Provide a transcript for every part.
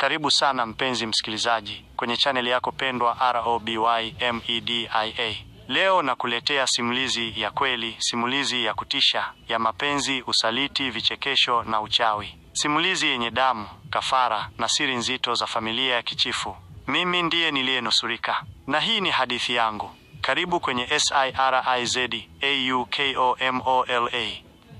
Karibu sana mpenzi msikilizaji kwenye chaneli yako pendwa Roby Media. Leo nakuletea simulizi ya kweli, simulizi ya kutisha ya mapenzi, usaliti, vichekesho na uchawi, simulizi yenye damu, kafara na siri nzito za familia ya kichifu. Mimi ndiye niliyenusurika na hii ni hadithi yangu. Karibu kwenye AUKOMOLA.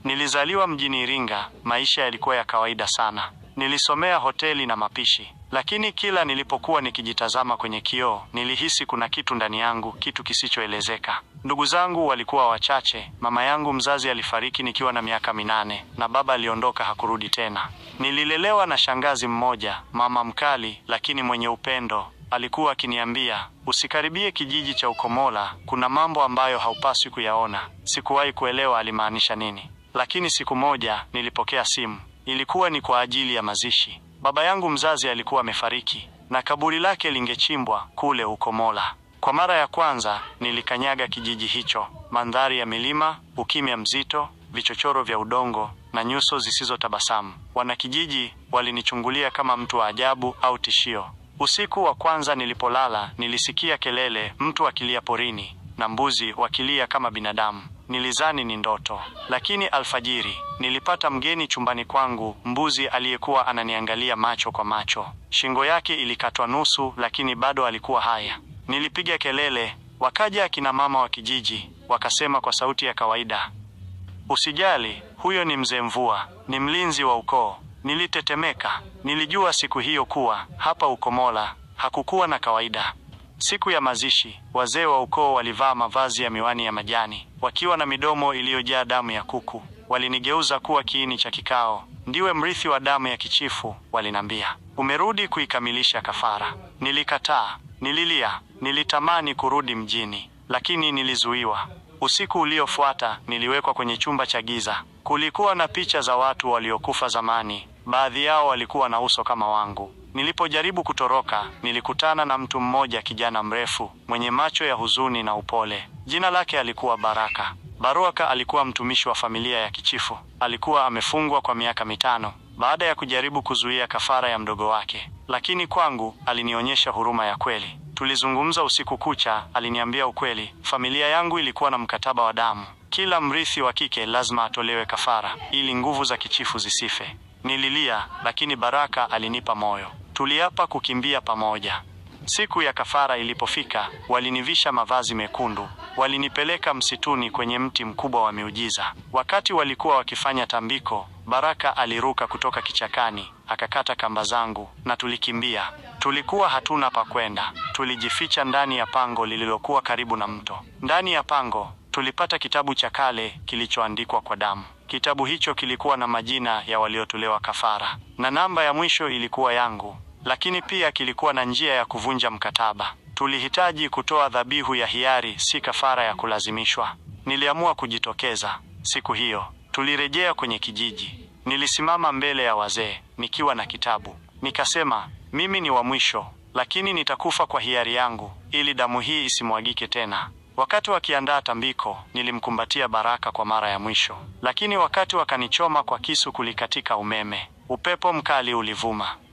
Nilizaliwa mjini Iringa, maisha yalikuwa ya kawaida sana Nilisomea hoteli na mapishi, lakini kila nilipokuwa nikijitazama kwenye kioo, nilihisi kuna kitu ndani yangu, kitu kisichoelezeka. Ndugu zangu walikuwa wachache. Mama yangu mzazi alifariki nikiwa na miaka minane na baba aliondoka, hakurudi tena. Nililelewa na shangazi mmoja, mama mkali lakini mwenye upendo. Alikuwa akiniambia usikaribie kijiji cha Ukomola, kuna mambo ambayo haupaswi kuyaona. Sikuwahi kuelewa alimaanisha nini, lakini siku moja nilipokea simu Ilikuwa ni kwa ajili ya mazishi. Baba yangu mzazi alikuwa amefariki na kaburi lake lingechimbwa kule mola Kwa mara ya kwanza nilikanyaga kijiji hicho, mandhari ya milima, ukimya mzito, vichochoro vya udongo na nyuso zisizotabasamu. Wanakijiji walinichungulia kama mtu wa ajabu au tishio. Usiku wa kwanza nilipolala, nilisikia kelele, mtu akilia porini na mbuzi wakilia kama binadamu nilizani ni ndoto, lakini alfajiri nilipata mgeni chumbani kwangu, mbuzi aliyekuwa ananiangalia macho kwa macho. Shingo yake ilikatwa nusu, lakini bado alikuwa haya. Nilipiga kelele, wakaja akina mama wa kijiji, wakasema kwa sauti ya kawaida, usijali, huyo ni mzee Mvua, ni mlinzi wa ukoo. Nilitetemeka. Nilijua siku hiyo kuwa hapa Ukomola hakukuwa na kawaida. Siku ya mazishi, wazee wa ukoo walivaa mavazi ya miwani ya majani, wakiwa na midomo iliyojaa damu ya kuku. Walinigeuza kuwa kiini cha kikao. Ndiwe mrithi wa damu ya kichifu, walinambia. Umerudi kuikamilisha kafara. Nilikataa, nililia, nilitamani kurudi mjini, lakini nilizuiwa. Usiku uliofuata niliwekwa kwenye chumba cha giza. Kulikuwa na picha za watu waliokufa zamani, baadhi yao walikuwa na uso kama wangu. Nilipojaribu kutoroka, nilikutana na mtu mmoja, kijana mrefu mwenye macho ya huzuni na upole. Jina lake alikuwa Baraka. Baraka alikuwa mtumishi wa familia ya kichifu. Alikuwa amefungwa kwa miaka mitano baada ya kujaribu kuzuia kafara ya mdogo wake, lakini kwangu alinionyesha huruma ya kweli. Tulizungumza usiku kucha, aliniambia ukweli. Familia yangu ilikuwa na mkataba wa damu, kila mrithi wa kike lazima atolewe kafara ili nguvu za kichifu zisife. Nililia, lakini Baraka alinipa moyo. Tuliapa kukimbia pamoja. Siku ya kafara ilipofika, walinivisha mavazi mekundu, walinipeleka msituni kwenye mti mkubwa wa miujiza. Wakati walikuwa wakifanya tambiko, Baraka aliruka kutoka kichakani, akakata kamba zangu na tulikimbia. Tulikuwa hatuna pa kwenda, tulijificha ndani ya pango lililokuwa karibu na mto. Ndani ya pango tulipata kitabu cha kale kilichoandikwa kwa damu. Kitabu hicho kilikuwa na majina ya waliotolewa kafara na namba ya mwisho ilikuwa yangu lakini pia kilikuwa na njia ya kuvunja mkataba. Tulihitaji kutoa dhabihu ya hiari, si kafara ya kulazimishwa. Niliamua kujitokeza. Siku hiyo tulirejea kwenye kijiji. Nilisimama mbele ya wazee nikiwa na kitabu, nikasema, mimi ni wa mwisho, lakini nitakufa kwa hiari yangu ili damu hii isimwagike tena. Wakati wakiandaa tambiko, nilimkumbatia Baraka kwa mara ya mwisho, lakini wakati wakanichoma kwa kisu, kulikatika umeme. Upepo mkali ulivuma.